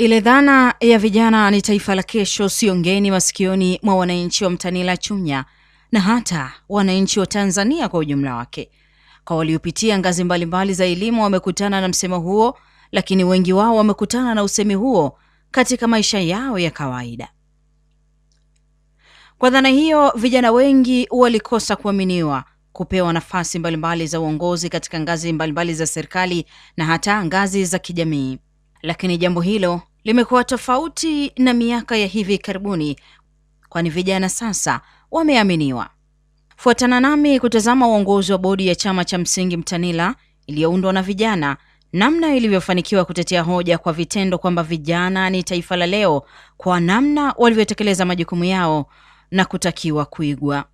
Ile dhana ya vijana ni taifa la kesho sio ngeni masikioni mwa wananchi wa Mtanila Chunya na hata wananchi wa Tanzania kwa ujumla wake. Kwa waliopitia ngazi mbalimbali za elimu, wamekutana na msemo huo, lakini wengi wao wamekutana na usemi huo katika maisha yao ya kawaida. Kwa dhana hiyo, vijana wengi walikosa kuaminiwa, kupewa nafasi mbalimbali za uongozi katika ngazi mbalimbali za serikali na hata ngazi za kijamii lakini jambo hilo limekuwa tofauti na miaka ya hivi karibuni, kwani vijana sasa wameaminiwa. Fuatana nami kutazama uongozi wa bodi ya chama cha msingi Mtanila iliyoundwa na vijana, namna ilivyofanikiwa kutetea hoja kwa vitendo kwamba vijana ni taifa la leo, kwa namna walivyotekeleza majukumu yao na kutakiwa kuigwa.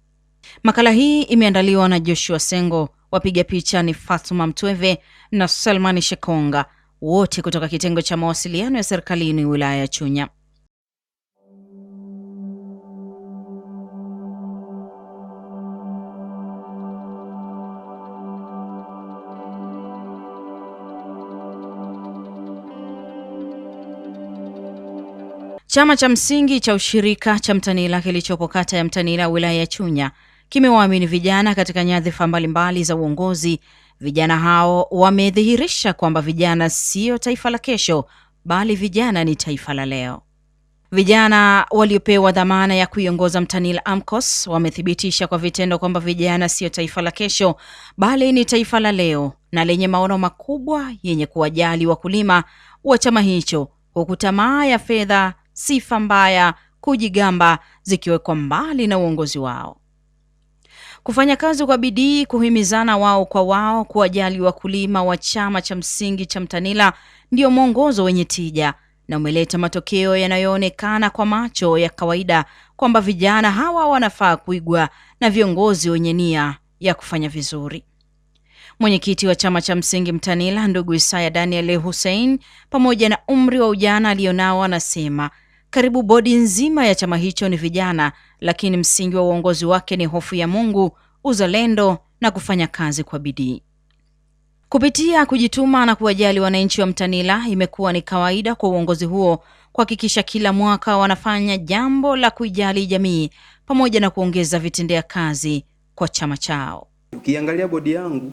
Makala hii imeandaliwa na Joshua Sengo, wapiga picha ni Fatuma Mtweve na Salmani Shekonga wote kutoka kitengo cha mawasiliano ya serikalini wilaya ya Chunya. Chama cha msingi cha ushirika cha Mtanila kilichopo kata ya Mtanila wilaya ya Chunya kimewaamini vijana katika nyadhifa mbalimbali za uongozi Vijana hao wamedhihirisha kwamba vijana siyo taifa la kesho, bali vijana ni taifa la leo. Vijana waliopewa dhamana ya kuiongoza mtanil AMCOS wamethibitisha kwa vitendo kwamba vijana siyo taifa la kesho, bali ni taifa la leo na lenye maono makubwa yenye kuwajali wakulima wa chama hicho, huku tamaa ya fedha, sifa mbaya, kujigamba zikiwekwa mbali na uongozi wao kufanya kazi kwa bidii, kuhimizana wao kwa wao, kuwajali wakulima wa chama cha msingi cha Mtanila ndio mwongozo wenye tija na umeleta matokeo yanayoonekana kwa macho ya kawaida kwamba vijana hawa wanafaa kuigwa na viongozi wenye nia ya kufanya vizuri. Mwenyekiti wa chama cha msingi Mtanila ndugu Isaya Daniel Hussein, pamoja na umri wa ujana alionao, anasema karibu bodi nzima ya chama hicho ni vijana, lakini msingi wa uongozi wake ni hofu ya Mungu, uzalendo na kufanya kazi kwa bidii. Kupitia kujituma na kuwajali wananchi wa Mtanila, imekuwa ni kawaida kwa uongozi huo kuhakikisha kila mwaka wanafanya jambo la kuijali jamii pamoja na kuongeza vitendea kazi kwa chama chao. Ukiangalia bodi yangu,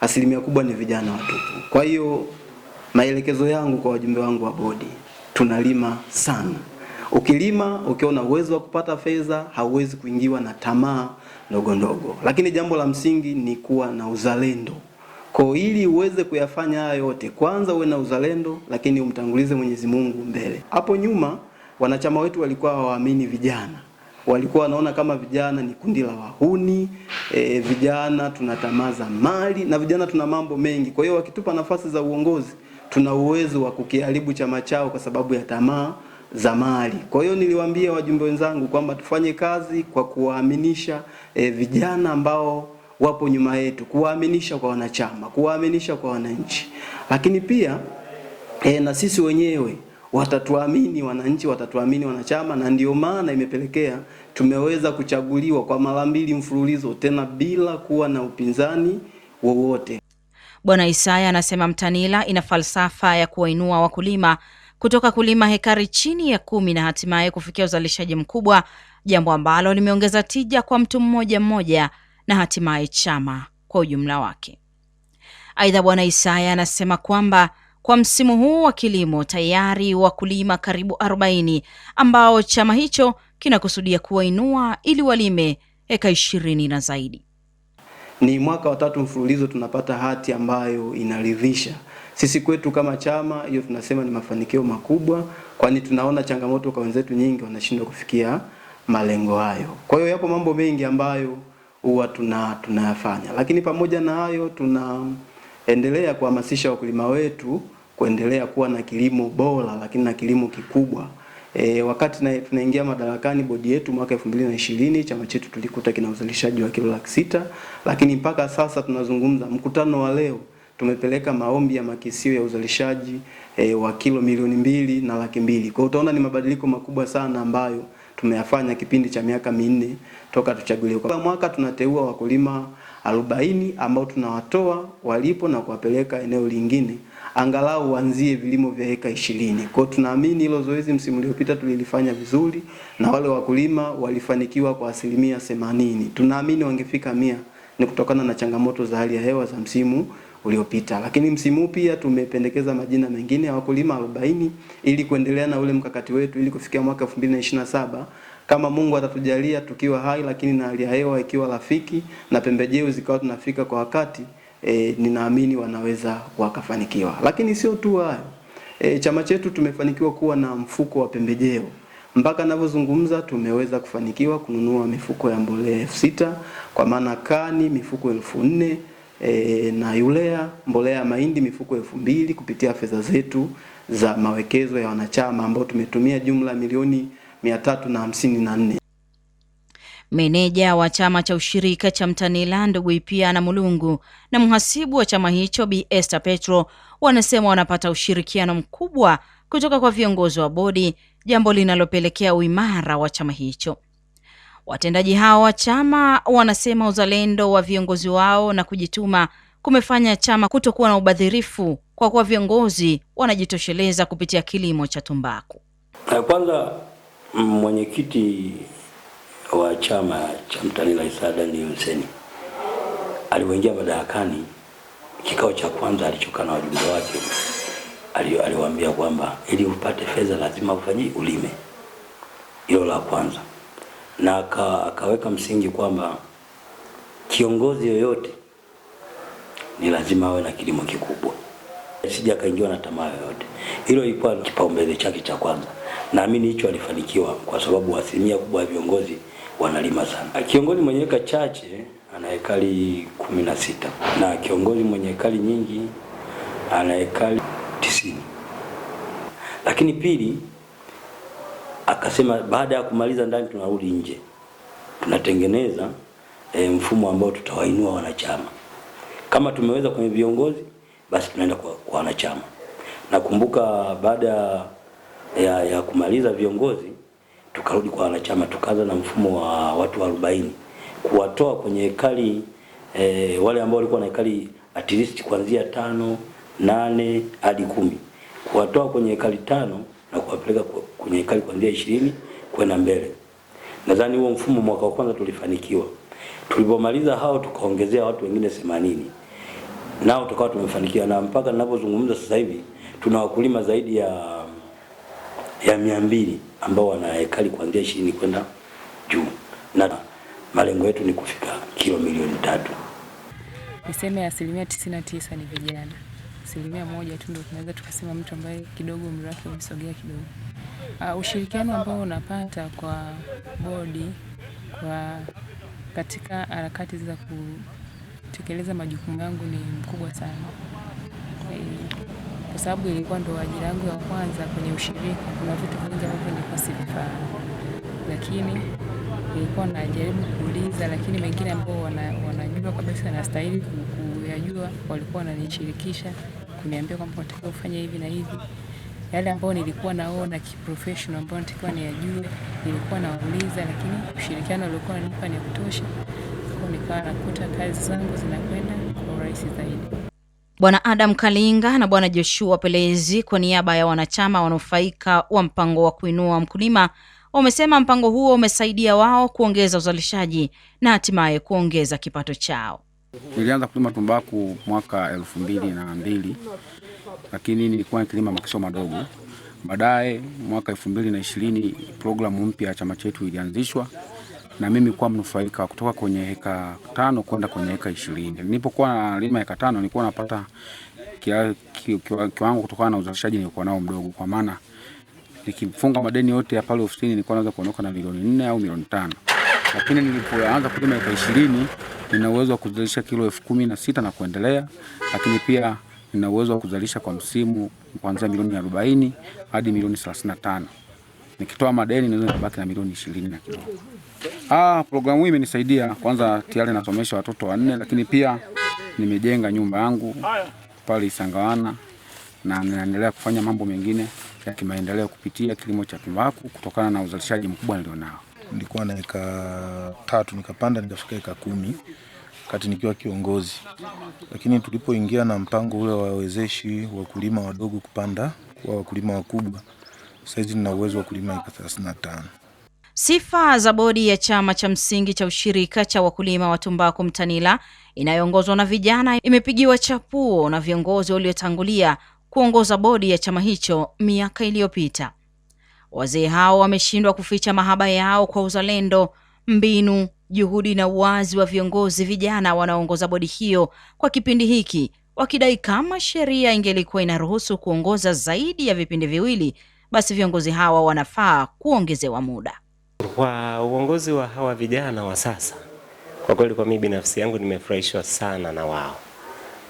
asilimia kubwa ni vijana watupu. Kwa hiyo maelekezo yangu kwa wajumbe wangu wa bodi, tunalima sana. Ukilima ukiona uwezo wa kupata fedha, hauwezi kuingiwa na tamaa ndogo ndogo, lakini jambo la msingi ni kuwa na uzalendo. Kwa ili uweze kuyafanya haya yote, kwanza uwe na uzalendo, lakini umtangulize Mwenyezi Mungu mbele. Hapo nyuma wanachama wetu walikuwa hawaamini vijana, walikuwa wanaona kama vijana ni kundi la wahuni e, vijana tunatamaza mali na vijana tuna mambo mengi. Kwa hiyo wakitupa nafasi za uongozi, tuna uwezo wa kukiharibu chama chao kwa sababu ya tamaa za mali. Kwa hiyo niliwaambia wajumbe wenzangu kwamba tufanye kazi kwa kuwaaminisha e, vijana ambao wapo nyuma yetu, kuwaaminisha kwa wanachama, kuwaaminisha kwa wananchi, lakini pia e, na sisi wenyewe watatuamini wananchi, watatuamini wanachama, na ndio maana imepelekea tumeweza kuchaguliwa kwa mara mbili mfululizo tena bila kuwa na upinzani wowote. Bwana Isaya anasema Mtanila ina falsafa ya kuwainua wakulima kutoka kulima hekari chini ya kumi na hatimaye kufikia uzalishaji mkubwa, jambo ambalo limeongeza tija kwa mtu mmoja mmoja na hatimaye chama kwa ujumla wake. Aidha, Bwana Isaya anasema kwamba kwa msimu huu wa kilimo tayari wakulima karibu 40 ambao chama hicho kinakusudia kuwainua ili walime eka ishirini na zaidi. Ni mwaka wa tatu mfululizo tunapata hati ambayo inaridhisha. Sisi kwetu kama chama, hiyo tunasema ni mafanikio makubwa, kwani tunaona changamoto kwa wenzetu nyingi wanashindwa kufikia malengo hayo. Kwa hiyo yapo mambo mengi ambayo huwa tuna tunayafanya, lakini pamoja na hayo tunaendelea kuhamasisha wakulima wetu kuendelea kuwa na kilimo bora, lakini na kilimo kikubwa. E, wakati na tunaingia madarakani bodi yetu mwaka 2020 chama chetu tulikuta kina uzalishaji wa kilo laki sita, lakini mpaka sasa tunazungumza mkutano wa leo tumepeleka maombi ya makisio ya uzalishaji e, wa kilo milioni mbili na laki mbili. Kwa utaona ni mabadiliko makubwa sana ambayo tumeyafanya kipindi cha miaka minne toka tuchaguliwe. Kwa mwaka tunateua wakulima arobaini ambao tunawatoa walipo na kuwapeleka eneo lingine angalau uanzie vilimo vya heka ishirini. Kwa tunaamini hilo zoezi msimu uliopita tulilifanya vizuri na wale wakulima walifanikiwa kwa asilimia themanini. Tunaamini wangefika mia ni kutokana na changamoto za hali ya hewa za msimu uliopita. Lakini msimu pia tumependekeza majina mengine ya wakulima 40 ili kuendelea na ule mkakati wetu ili kufikia mwaka 2027 kama Mungu atatujalia tukiwa hai, lakini na hali ya hewa ikiwa rafiki na pembejeo zikawa tunafika kwa wakati e, ninaamini wanaweza wakafanikiwa. Lakini sio tu hayo. E, chama chetu tumefanikiwa kuwa na mfuko wa pembejeo mpaka ninavyozungumza tumeweza kufanikiwa kununua mifuko ya mbolea elfu sita kwa maana kani mifuko elfu nne e, na Yulea mbolea ya mahindi mifuko elfu mbili kupitia fedha zetu za mawekezo ya wanachama ambao tumetumia jumla milioni mia tatu na hamsini na nne. Meneja wa chama cha ushirika cha Mtanila ndugu na Mulungu na mhasibu wa chama hicho Bi Esther Petro wanasema wanapata ushirikiano mkubwa kutoka kwa viongozi wa bodi, jambo linalopelekea uimara wa chama hicho. Watendaji hao wa chama wanasema uzalendo wa viongozi wao na kujituma kumefanya chama kutokuwa na ubadhirifu kwa kuwa viongozi wanajitosheleza kupitia kilimo cha tumbaku. Eh, kwanza mm, mwenyekiti wa chama cha Mtanila Isada ni Huseni alivyoingia madarakani, kikao cha kwanza alichokaa na wajumbe wake aliwaambia kwamba ili upate fedha lazima ufanye ulime. Hilo la kwanza na akaweka msingi kwamba kiongozi yoyote ni lazima awe na kilimo kikubwa. Sija akaingiwa na tamaa yoyote, hilo ilikuwa kipaumbele chake cha kwanza. Naamini hicho alifanikiwa kwa sababu asilimia kubwa ya viongozi wanalima sana. Kiongozi mwenye eka chache ana hekari kumi na sita na kiongozi mwenye hekari nyingi ana hekari tisini. Lakini pili akasema baada ya kumaliza ndani tunarudi nje, tunatengeneza e, mfumo ambao tutawainua wanachama. Kama tumeweza kwenye viongozi, basi tunaenda kwa, kwa wanachama. Nakumbuka baada ya, ya kumaliza viongozi tukarudi kwa wanachama, tukaanza na mfumo wa watu arobaini kuwatoa kwenye hekali e, wale ambao walikuwa na hekali at least kuanzia tano nane hadi kumi kuwatoa kwenye hekali tano na kuwapeleka kwa kwenye ekari kuanzia ishirini kwenda mbele. Nadhani huo mfumo mwaka wa kwanza tulifanikiwa. Tulipomaliza hao tukaongezea watu wengine 80. Nao tukawa tumefanikiwa na mpaka ninapozungumza sasa hivi tuna wakulima zaidi ya ya 200 ambao wana ekari kuanzia 20 kwenda juu. Na malengo yetu ni kufika kilo milioni tatu. Niseme asilimia tisa ni vijana. Asilimia moja tu ndio tunaweza tukasema mtu ambaye kidogo umri wake umesogea kidogo. Uh, ushirikiano ambao unapata kwa bodi kwa katika harakati za kutekeleza majukumu yangu ni mkubwa sana e, kwa sababu ilikuwa ndo ajira yangu ya kwanza kwenye ushirika. Kuna vitu vingi ambavyo nilikuwa sivifahamu, lakini nilikuwa najaribu kuuliza, lakini mengine ambao wanajua kabisa nastahili kuyajua walikuwa wananishirikisha kuniambia kwamba unatakiwa ufanye hivi na hivi yale ambayo nilikuwa naona kiprofessional ambayo nilikuwa niyajue, nilikuwa nauliza, lakini ushirikiano uliokuwa nanipa ni kutosha, kwa nikawa nakuta kazi zangu zinakwenda kwa urahisi zaidi. Bwana Adam Kalinga na Bwana Joshua Pelezi kwa niaba ya wanachama wanufaika wa mpango wa kuinua mkulima wamesema mpango huo umesaidia wao kuongeza uzalishaji na hatimaye kuongeza kipato chao. Nilianza kulima tumbaku mwaka elfu mbili na mbili lakini nilikuwa nikilima makisio madogo. Baadaye mwaka elfu mbili na ishirini programu mpya ya chama chetu ilianzishwa na mimi kuwa mnufaika kutoka kwenye heka tano kwenda kwenye heka ishirini. Nilipokuwa nalima heka tano nilikuwa napata kiwango kutokana na uzalishaji nilikuwa nao mdogo, kwa maana nikifunga madeni yote ya pale ofisini nilikuwa naweza kuondoka na milioni nne au milioni tano, lakini nilipoanza kulima heka ishirini nina uwezo wa kuzalisha kilo elfu kumi na sita na kuendelea, lakini pia lina uwezo wa kuzalisha kwa msimu kuanzia milioni 40 hadi milioni 35. Nikitoa madeni naweza kubaki na milioni 20 na kidogo. Ah, programu hii imenisaidia kwanza, tayari nasomesha watoto wanne, lakini pia nimejenga nyumba yangu pale Isangawana na ninaendelea kufanya mambo mengine ya kimaendeleo kupitia kilimo cha tumbaku kutokana na uzalishaji mkubwa nilionao. Nilikuwa na eka tatu nikapanda nikafika eka kumi wakati nikiwa kiongozi, lakini tulipoingia na mpango ule wa wawezeshi wakulima wadogo kupanda kuwa wakulima wakubwa, saizi nina uwezo wa kulima eka thelathini na tano. Sifa za bodi ya chama cha msingi cha ushirika cha wakulima wa tumbaku Mtanila inayoongozwa na vijana imepigiwa chapuo na viongozi waliotangulia kuongoza bodi ya chama hicho miaka iliyopita. Wazee hao wameshindwa kuficha mahaba yao kwa uzalendo, mbinu juhudi na uwazi wa viongozi vijana wanaoongoza bodi hiyo kwa kipindi hiki, wakidai kama sheria ingelikuwa inaruhusu kuongoza zaidi ya vipindi viwili, basi viongozi hawa wanafaa kuongezewa muda. Kwa uongozi wa hawa vijana wa sasa, kwa kweli, kwa mimi binafsi yangu nimefurahishwa sana na wao,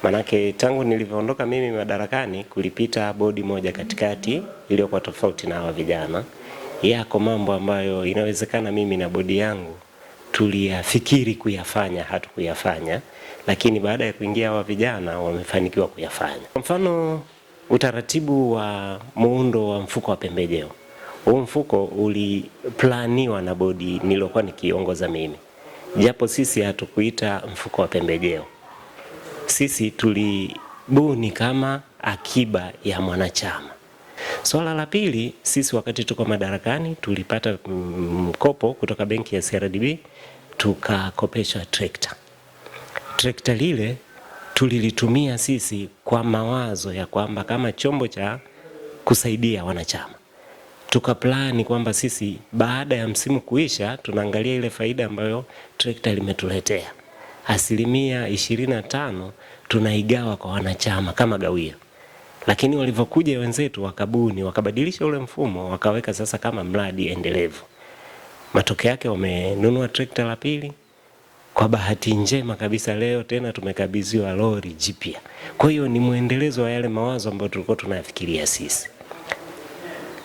manake tangu nilivyoondoka mimi madarakani kulipita bodi moja katikati iliyokuwa tofauti na hawa vijana. Yako mambo ambayo inawezekana mimi na bodi yangu tuliyafikiri kuyafanya hatukuyafanya, lakini baada ya kuingia hawa vijana wamefanikiwa kuyafanya. Kwa mfano utaratibu wa muundo wa mfuko wa pembejeo, huu mfuko uliplaniwa na bodi niliokuwa nikiongoza mimi, japo sisi hatukuita mfuko wa pembejeo, sisi tulibuni kama akiba ya mwanachama Swala la pili, sisi wakati tuko madarakani tulipata mm, mkopo kutoka benki ya CRDB tukakopesha trekta. Trekta lile tulilitumia sisi kwa mawazo ya kwamba kama chombo cha kusaidia wanachama tukaplani kwamba sisi baada ya msimu kuisha tunaangalia ile faida ambayo trekta limetuletea, asilimia ishirini na tano tunaigawa kwa wanachama kama gawio. Lakini walivyokuja wenzetu wakabuni, wakabadilisha ule mfumo, wakaweka sasa kama mradi endelevu. Matokeo yake wamenunua trekta la pili. Kwa bahati njema kabisa leo tena tumekabidhiwa lori jipya. Kwa hiyo ni mwendelezo wa yale mawazo ambayo tulikuwa tunayafikiria sisi.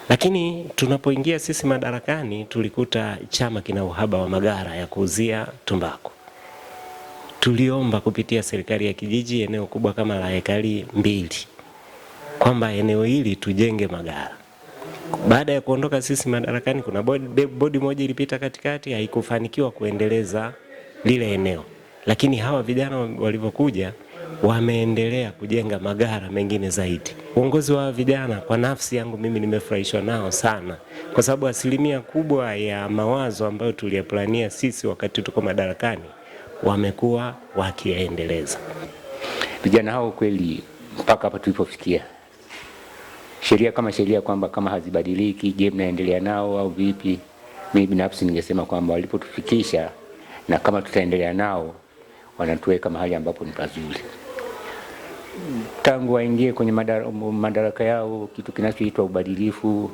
Lakini tunapoingia sisi madarakani, tulikuta chama kina uhaba wa magara ya kuuzia tumbaku. Tuliomba kupitia serikali ya kijiji eneo kubwa kama la ekari mbili kwamba eneo hili tujenge magara. Baada ya kuondoka sisi madarakani, kuna bodi, bodi moja ilipita katikati, haikufanikiwa kuendeleza lile eneo, lakini hawa vijana walivyokuja wameendelea kujenga magara mengine zaidi. Uongozi wa vijana kwa nafsi yangu mimi nimefurahishwa nao sana, kwa sababu asilimia kubwa ya mawazo ambayo tuliyaplania sisi wakati tuko madarakani wamekuwa wakiyaendeleza vijana hao kweli, mpaka hapa tulipofikia sheria kama sheria kwamba kama hazibadiliki, je, mnaendelea nao au vipi? Mimi binafsi ningesema kwamba walipotufikisha na kama tutaendelea nao, wanatuweka mahali ambapo ni pazuri. Tangu waingie kwenye madaraka, yao, kitu kinachoitwa ubadilifu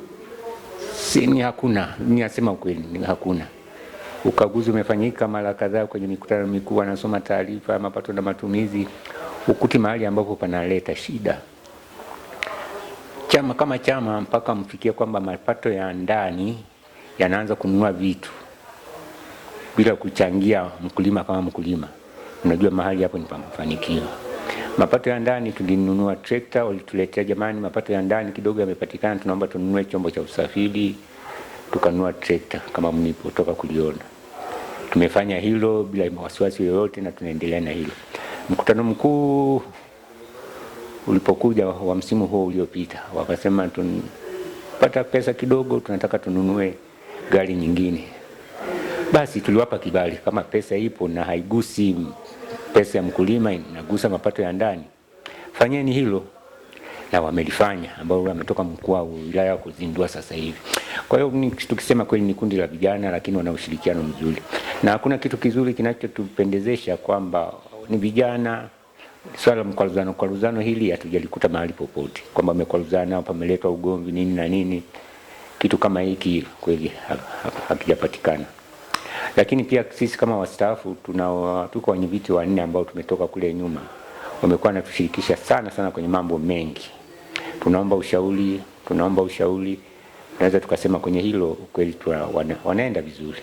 si ni hakuna. Ninasema ukweli, ni hakuna. Ukaguzi umefanyika mara kadhaa kwenye mikutano mikuu, wanasoma taarifa mapato na matumizi, ukuti mahali ambapo panaleta shida chama kama chama mpaka mfikie kwamba mapato ya ndani yanaanza kununua vitu bila kuchangia mkulima kama mkulima. Unajua mahali hapo ni pa mafanikio. Mapato ya ndani tulinunua trekta, walituletea jamani, mapato ya ndani kidogo yamepatikana, tunaomba tununue chombo cha usafiri, tukanunua trekta kama mlipotoka kuliona. Tumefanya hilo bila wasiwasi yoyote na tunaendelea na hilo. Mkutano mkuu ulipokuja wa msimu huo uliopita, wakasema tunapata pesa kidogo, tunataka tununue gari nyingine. Basi tuliwapa kibali, kama pesa ipo na haigusi pesa ya mkulima, inagusa mapato ya ndani, fanyeni hilo, na wamelifanya, ambao wametoka mkuu wa wilaya kuzindua sasa hivi. Kwa hiyo tukisema kweli ni kundi la vijana, lakini wana ushirikiano mzuri, na hakuna kitu kizuri kinachotupendezesha kwamba ni vijana swala la mkwaruzano kwaruzano hili hatujalikuta mahali popote kwamba amekwaruzana pameletwa ugomvi nini na nini. Kitu kama hiki kweli hakijapatikana. Lakini pia sisi kama wastaafu tuna tuko wenye viti wanne ambao tumetoka kule nyuma, wamekuwa natushirikisha sana sana kwenye mambo mengi. Tunaomba ushauri, tunaomba ushauri, tunaweza tukasema kwenye hilo ukweli wana, wanaenda vizuri.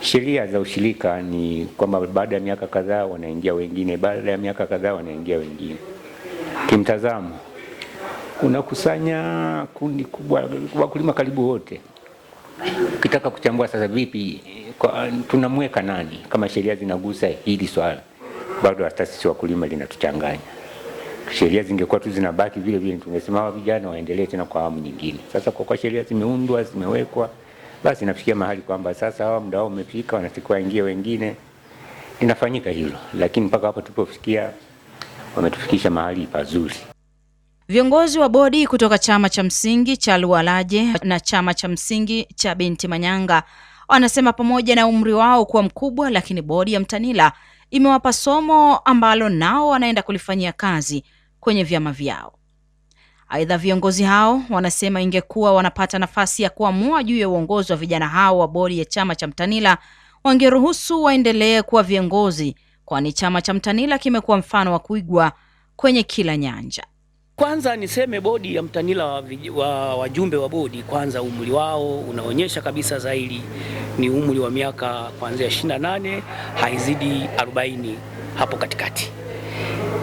Sheria za ushirika ni kwamba baada ya miaka kadhaa wanaingia wengine, baada ya miaka kadhaa wanaingia wengine. Kimtazamo unakusanya kundi kubwa wakulima karibu wote, ukitaka kuchambua sasa, vipi tunamweka nani, kama sheria zinagusa hili swala, bado hata sisi wakulima linatuchanganya sheria zingekuwa tu zinabaki vile vile, tungesema vijana waendelee tena kwa awamu nyingine. Sasa kwa kwa sheria zimeundwa, zimewekwa basi nafikia mahali kwamba sasa hawa muda wao umefika, wanatakiwa waingie wengine. Linafanyika hilo, lakini mpaka hapo tulipofikia wametufikisha mahali pazuri. Viongozi wa bodi kutoka chama cha msingi cha Lualaje na chama cha msingi cha Binti Manyanga wanasema pamoja na umri wao kuwa mkubwa, lakini bodi ya Mtanila imewapa somo ambalo nao wanaenda kulifanyia kazi kwenye vyama vyao. Aidha, viongozi hao wanasema ingekuwa wanapata nafasi ya kuamua juu ya uongozi wa vijana hao wa bodi ya chama cha Mtanila wangeruhusu waendelee kuwa viongozi, kwani chama cha Mtanila kimekuwa mfano wa kuigwa kwenye kila nyanja. Kwanza niseme bodi ya Mtanila wa, wa wajumbe wa bodi, kwanza umri wao unaonyesha kabisa zaidi ni umri wa miaka kuanzia 28 haizidi 40 hapo katikati,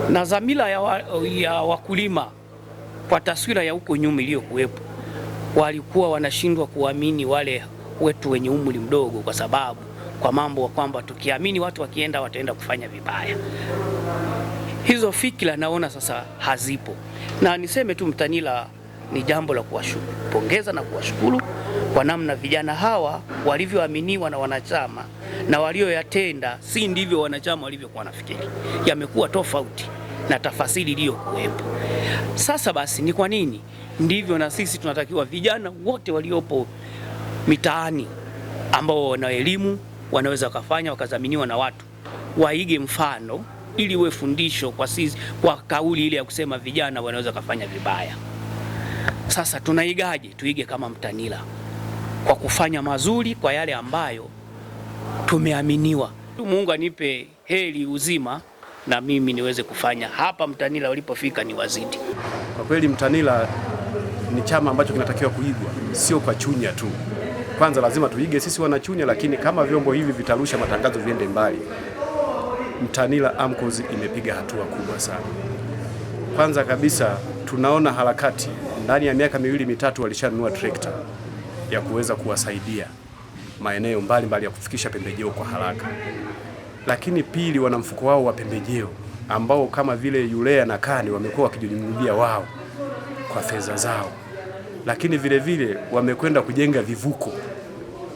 na dhamira ya, wa, ya wakulima kwa taswira ya huko nyuma iliyokuwepo, walikuwa wanashindwa kuamini wale wetu wenye umri mdogo, kwa sababu kwa mambo wa kwamba tukiamini watu wakienda wataenda kufanya vibaya. Hizo fikira naona sasa hazipo, na niseme tu Mtanila ni jambo la kuwapongeza na kuwashukuru kwa namna vijana hawa walivyoaminiwa na wanachama na walioyatenda, si ndivyo wanachama walivyokuwa nafikiri, yamekuwa tofauti na tafasiri iliyokuwepo. Sasa basi, ni kwa nini ndivyo? Na sisi tunatakiwa vijana wote waliopo mitaani ambao wana elimu wanaweza wakafanya wakadhaminiwa na watu waige mfano, ili uwe fundisho kwa sisi, kwa kauli ile ya kusema vijana wanaweza kufanya vibaya. Sasa tunaigaje? Tuige kama Mtanila kwa kufanya mazuri kwa yale ambayo tumeaminiwa. Mungu anipe heri uzima na mimi niweze kufanya hapa Mtanila walipofika ni wazidi. Kwa kweli Mtanila ni chama ambacho kinatakiwa kuigwa, sio kwa Chunya tu. Kwanza lazima tuige sisi wanachunya, lakini kama vyombo hivi vitarusha matangazo viende mbali, Mtanila AMCOS imepiga hatua kubwa sana. Kwanza kabisa tunaona harakati, ndani ya miaka miwili mitatu walishanunua trekta ya kuweza kuwasaidia maeneo mbalimbali mbali ya kufikisha pembejeo kwa haraka lakini pili, wana mfuko wao wa pembejeo ambao kama vile yulea na kani wamekuwa wakijinunulia wao kwa fedha zao, lakini vile vile wamekwenda kujenga vivuko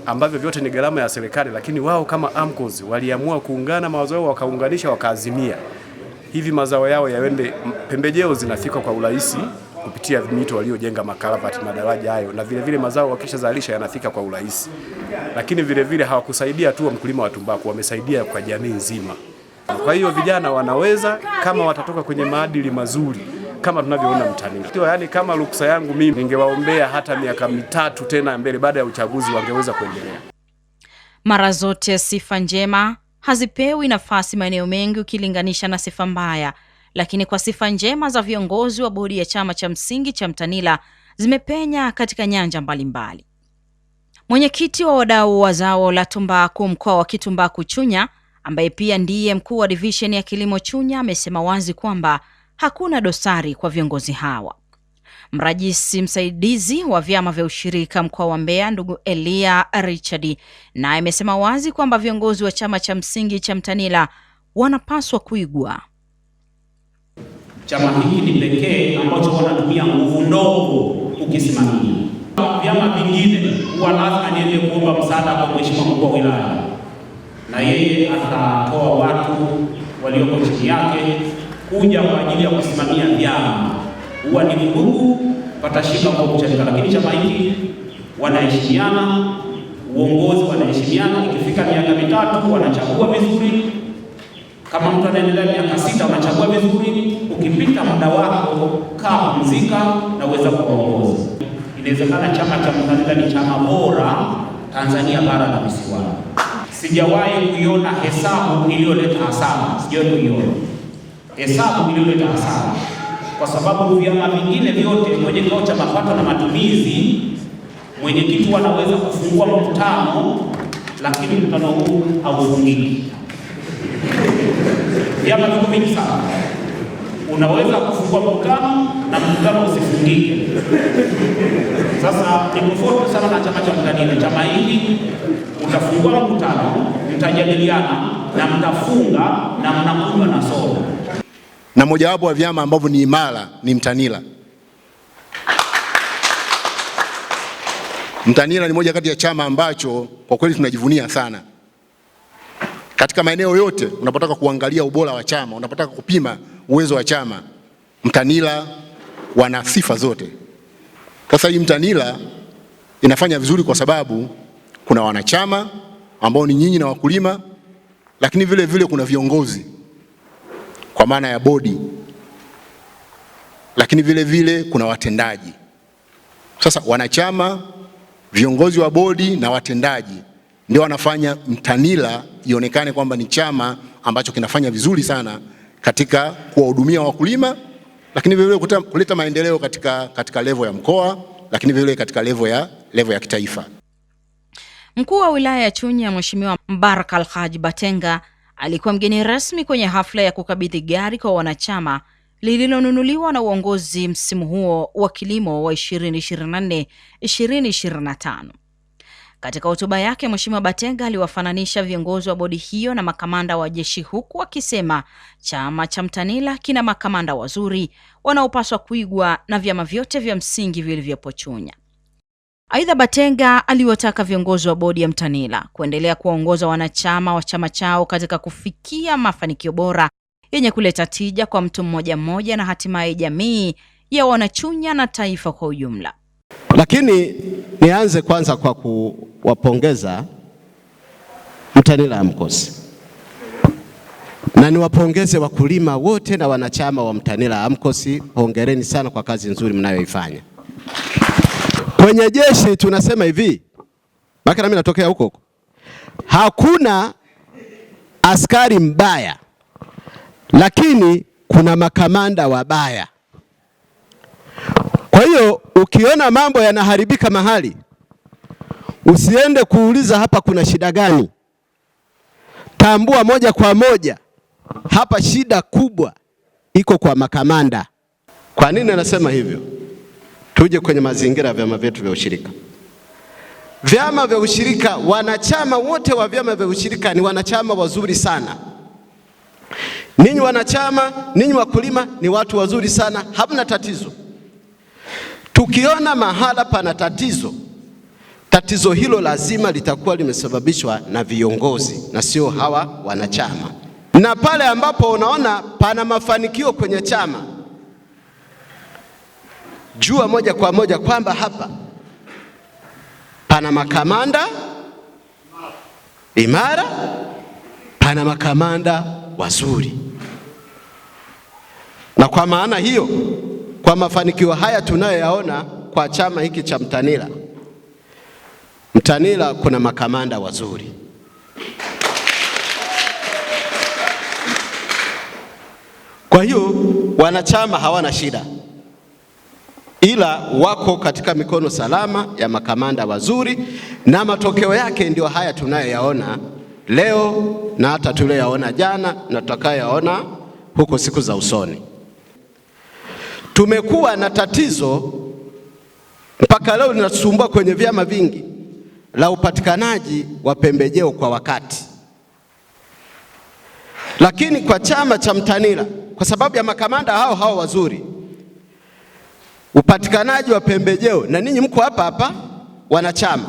ambavyo vyote ni gharama ya serikali, lakini wao kama AMCOS waliamua kuungana mawazo yao, wakaunganisha, wakaazimia hivi mazao yao yaende, pembejeo zinafika kwa urahisi kupitia mito waliojenga makaravati madaraja hayo, na vilevile mazao wakishazalisha yanafika kwa urahisi. Lakini vilevile hawakusaidia tu mkulima wa tumbaku, wamesaidia kwa jamii nzima. Kwa hiyo vijana wanaweza kama watatoka kwenye maadili mazuri kama tunavyoona mtaani. Yaani, kama ruksa yangu mimi, ningewaombea hata miaka mitatu tena mbele, baada ya uchaguzi wangeweza kuendelea. Mara zote sifa njema hazipewi nafasi maeneo mengi ukilinganisha na sifa mbaya lakini kwa sifa njema za viongozi wa bodi ya chama cha msingi cha Mtanila zimepenya katika nyanja mbalimbali. Mwenyekiti wa wadau wa zao la tumbaku mkoa wa Kitumbaku Chunya, ambaye pia ndiye mkuu wa divisheni ya kilimo Chunya, amesema wazi kwamba hakuna dosari kwa viongozi hawa. Mrajisi msaidizi wa vyama vya ushirika mkoa wa Mbeya, ndugu Elia Richard, naye amesema wazi kwamba viongozi wa chama cha msingi cha Mtanila wanapaswa kuigwa chama hiki ni pekee ambacho wanatumia nguvu ndogo ukisimamia. Vyama vingine huwa lazima niende kuomba msaada kwa mheshimiwa mkuu wa wilaya, na yeye atatoa watu walioko chini yake kuja kwa ajili ya kusimamia vyama. Huwa ni vurugu patashika kwa kuchanika, lakini chama hiki wanaheshimiana, uongozi wanaheshimiana. Ikifika miaka mitatu wanachagua vizuri, kama mtu anaendelea miaka sita wanachagua vizuri ukim muda wako, kaa pumzika, na uweza kuongoza. Inawezekana chama cha Mzalendo ni chama bora Tanzania bara na visiwani. Sijawahi kuiona hesabu iliyoleta hasara, sijawahi kuiona hesabu iliyoleta hasara, kwa sababu vyama vingine vyote kwenye kikao cha mapato na matumizi, mwenyekiti anaweza kufungua mkutano, lakini mkutano huu haufungiki. vyama viko vingi sana unaweza kufungua mkutano na mkutano usifungike. Sasa nikofoti sana na chama cha mtanini, chama hili utafungua mkutano, mtajadiliana na mtafunga na mnakunywa na soda, na mojawapo wa vyama ambavyo ni imara ni Mtanila. Mtanila ni moja kati ya chama ambacho kwa kweli tunajivunia sana katika maeneo yote unapotaka kuangalia ubora wa chama, unapotaka kupima uwezo wa chama, mtanila wana sifa zote. Sasa hii mtanila inafanya vizuri kwa sababu kuna wanachama ambao ni nyinyi na wakulima, lakini vile vile kuna viongozi kwa maana ya bodi, lakini vile vile kuna watendaji. Sasa wanachama, viongozi wa bodi na watendaji ndio wanafanya mtanila ionekane kwamba ni chama ambacho kinafanya vizuri sana katika kuwahudumia wakulima, lakini vile vile kuleta maendeleo katika, katika levo ya mkoa, lakini vile vile katika levo ya, levo ya kitaifa. Mkuu wa wilaya ya Chunya Mheshimiwa Mbaraka Alhaji Batenga alikuwa mgeni rasmi kwenye hafla ya kukabidhi gari kwa wanachama lililonunuliwa na uongozi msimu huo wa kilimo wa 2024 2025. Katika hotuba yake, Mheshimiwa Batenga aliwafananisha viongozi wa bodi hiyo na makamanda wa jeshi, huku akisema chama cha Mtanila kina makamanda wazuri wanaopaswa kuigwa na vyama vyote vya msingi vilivyopochunya. Aidha, Batenga aliwataka viongozi wa bodi ya Mtanila kuendelea kuwaongoza wanachama wa chama chao katika kufikia mafanikio bora yenye kuleta tija kwa mtu mmoja mmoja na hatimaye jamii ya wanachunya na taifa kwa ujumla. Lakini nianze kwanza kwa ku kuwapongeza Mtanila AMCOS na niwapongeze wakulima wote na wanachama wa Mtanila AMCOS. Hongereni sana kwa kazi nzuri mnayoifanya kwenye jeshi. Tunasema hivi, maana mimi natokea huko huko, hakuna askari mbaya, lakini kuna makamanda wabaya. Kwa hiyo ukiona mambo yanaharibika mahali Usiende kuuliza hapa kuna shida gani, tambua moja kwa moja hapa shida kubwa iko kwa makamanda. Kwa nini anasema hivyo? Tuje kwenye mazingira ya vyama vyetu vya ushirika. Vyama vya ushirika, wanachama wote wa vyama vya ushirika ni wanachama wazuri sana. Ninyi wanachama, ninyi wakulima ni watu wazuri sana, hamna tatizo. Tukiona mahala pana tatizo Tatizo hilo lazima litakuwa limesababishwa na viongozi na sio hawa wanachama. Na pale ambapo unaona pana mafanikio kwenye chama, jua moja kwa moja kwamba hapa pana makamanda imara, pana makamanda wazuri. Na kwa maana hiyo, kwa mafanikio haya tunayoyaona kwa chama hiki cha Mtanila Mtanila kuna makamanda wazuri. Kwa hiyo wanachama hawana shida, ila wako katika mikono salama ya makamanda wazuri, na matokeo yake ndio haya tunayoyaona leo na hata tuliyoyaona jana na tutakayoyaona huko siku za usoni. Tumekuwa na tatizo mpaka leo linatusumbua kwenye vyama vingi la upatikanaji wa pembejeo kwa wakati. Lakini kwa chama cha Mtanila, kwa sababu ya makamanda hao hao wazuri, upatikanaji wa pembejeo, na ninyi mko hapa hapa wanachama,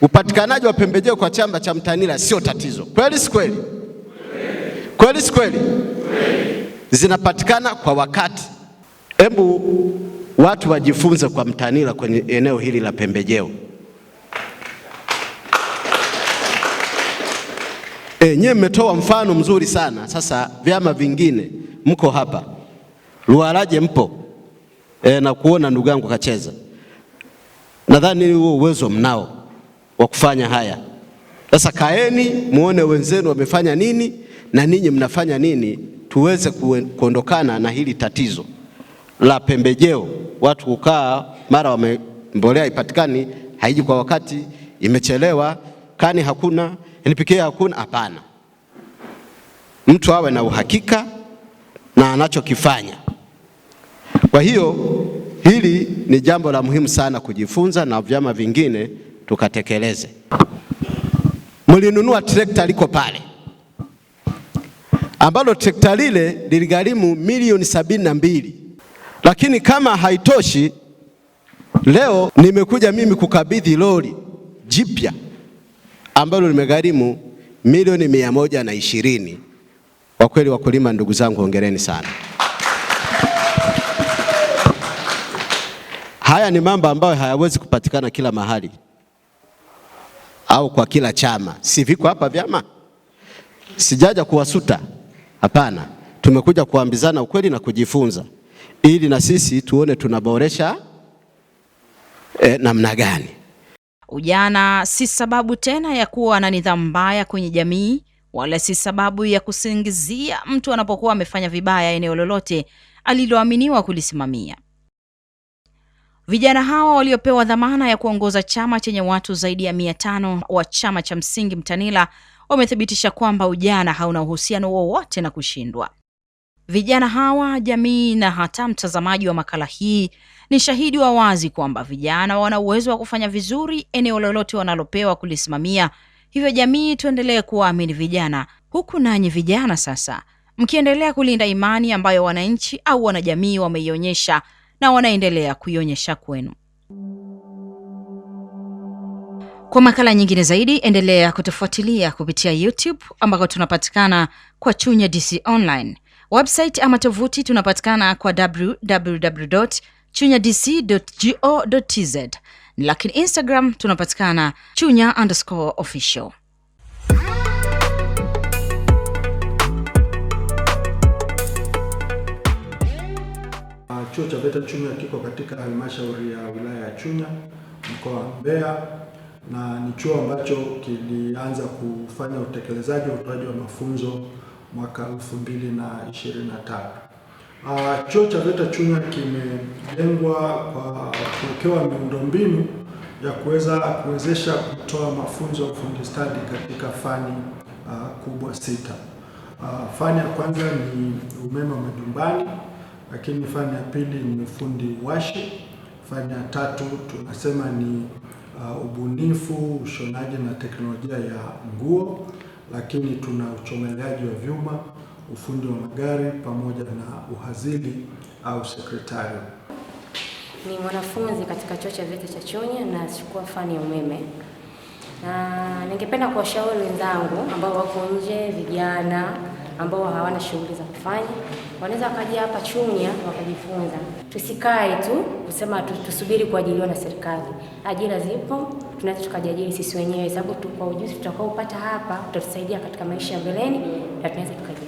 upatikanaji wa pembejeo kwa chama cha Mtanila sio tatizo. Kweli si kweli? Kweli si kweli? Zinapatikana kwa wakati. Hebu watu wajifunze kwa Mtanila kwenye eneo hili la pembejeo. E, eh, nyewe mmetoa mfano mzuri sana sasa. Vyama vingine mko hapa Luaraje mpo e, na kuona ndugu yangu kacheza, nadhani huo uwezo mnao wa kufanya haya. Sasa kaeni muone wenzenu wamefanya nini na ninyi mnafanya nini, tuweze kuondokana na hili tatizo la pembejeo, watu kukaa mara wamembolea ipatikani, haiji kwa wakati, imechelewa, kani hakuna NPK hakuna? Hapana, mtu awe na uhakika na anachokifanya. Kwa hiyo hili ni jambo la muhimu sana kujifunza, na vyama vingine tukatekeleze. Mlinunua trekta liko pale ambalo trekta lile liligharimu milioni sabini na mbili, lakini kama haitoshi, leo nimekuja mimi kukabidhi lori jipya ambalo limegharimu milioni mia moja na ishirini. Kwa kweli wakulima, ndugu zangu, hongereni sana. Haya ni mambo ambayo hayawezi kupatikana kila mahali au kwa kila chama. Si viko hapa vyama, sijaja kuwasuta, hapana. Tumekuja kuambizana ukweli na kujifunza, ili na sisi tuone tunaboresha eh, namna gani. Ujana si sababu tena ya kuwa na nidhamu mbaya kwenye jamii, wala si sababu ya kusingizia mtu anapokuwa amefanya vibaya eneo lolote aliloaminiwa kulisimamia. Vijana hawa waliopewa dhamana ya kuongoza chama chenye watu zaidi ya mia tano wa chama cha msingi Mtanila wamethibitisha kwamba ujana hauna uhusiano wowote na kushindwa. Vijana hawa, jamii na hata mtazamaji wa makala hii ni shahidi wa wazi kwamba vijana wana uwezo wa kufanya vizuri eneo lolote wanalopewa kulisimamia. Hivyo jamii, tuendelee kuwaamini vijana, huku nanyi vijana sasa mkiendelea kulinda imani ambayo wananchi au wanajamii wameionyesha na wanaendelea kuionyesha kwenu. Kwa makala nyingine zaidi, endelea kutufuatilia kupitia YouTube ambako tunapatikana kwa Chunya DC Online. Website ama tovuti tunapatikana kwa www chunya dc.go.tz, lakini Instagram tunapatikana chunya underscore official. Ah, chuo cha VETA Chunya kiko katika halmashauri ya wilaya ya Chunya mkoa wa mbea na ni chuo ambacho kilianza kufanya utekelezaji wa utoaji wa mafunzo mwaka 2023. Uh, chuo cha VETA Chunya kimejengwa kwa kuwekewa miundombinu ya kuweza kuwezesha kutoa mafunzo ya ufundi stadi katika fani uh, kubwa sita. Uh, fani ya kwanza ni umeme wa majumbani, lakini fani ya pili ni ufundi washi, fani ya tatu tunasema ni uh, ubunifu, ushonaji na teknolojia ya nguo, lakini tuna uchomeleaji wa vyuma ufundi wa magari pamoja na uhazili au sekretari. Ni mwanafunzi katika chuo cha VETA cha Chunya na nachukua fani ya umeme, na ningependa kuwashauri wenzangu ambao wako nje, vijana ambao hawana shughuli za kufanya, wanaweza wakaja hapa Chunya wakajifunza. Tusikae tu kusema tusubiri kuajiliwa na serikali. Ajira zipo, tunaweza tukajiajiri sisi wenyewe, sababu kwa ujuzi tutakao upata hapa utatusaidia katika maisha ya mbeleni na tunaweza tuka